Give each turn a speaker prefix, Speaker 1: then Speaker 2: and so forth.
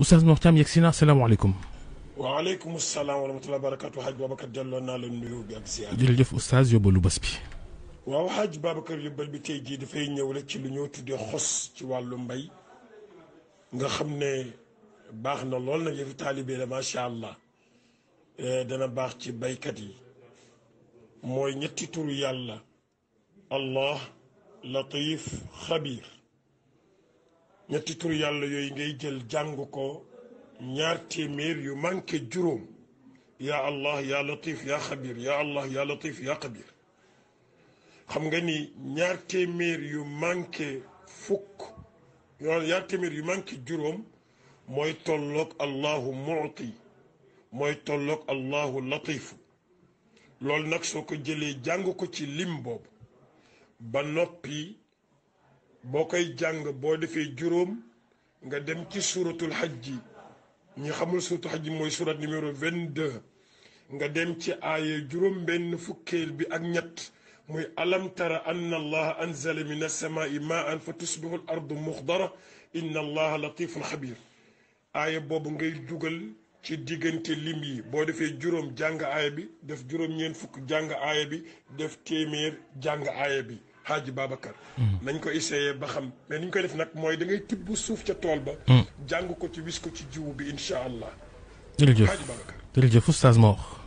Speaker 1: Oustaz Mor Thiam yegg si naa salaamaaleykum.
Speaker 2: waaleykum salaam wa rahmatulah barakatu Hadj Babacar delloo naa la nuyoo bi ak ziar.
Speaker 1: jërëjëf Oustaz yóbbalu bés bi.
Speaker 2: waaw Hadj Babacar yóbbal bi tey jii dafay ñëw rek ci lu ñoo tuddee xos ci wàllu mbay nga xam ne baax na lool nag yëfi taalibe la macha allah eh, dana baax ci baykat yi mooy ñetti turu yàlla. Allah latif xabiir. ñetti tur yàlla yooyu ngay jël jàng ko ñaar téeméer yu manqué juróom yaa allah yaa latif yaa xabir yaa allah yaa latif yaa xabir xam nga ni ñaar téeméer yu manqué fukk ñaar téeméer yu manqué juróom mooy tollook allahu muti mooy tolloog allahu latif loolu nag soo ko jëlee jàng ko ci lim boobu ba noppi boo koy jàng boo defee juróom nga dem ci suuratul suratul xajji ñi xamul suratul xajji mooy surat numéro 22 nga dem ci aaya juróom benn fukkeel bi ak ñett muy alam tara anna allaha anzala min alsamaai maan fa tusbihu al ardu muxdara inna allaha latifun xabir aaya boobu ngay dugal ci diggante lim yi boo defee juróom jàng aaya bi def juróom-ñeent fukk jàng aaya bi def téeméer jàng aaya bi Hadj Babacar. Mm. nañ ko essayé ba xam mais ni ñu koy def nag mooy da ngay tibb suuf ca tool ba. Mm. jàng ko ci wis ci jiwu bi incha allah. jërëjëf Hadj Babacar
Speaker 1: jërëjëf oustaz Mor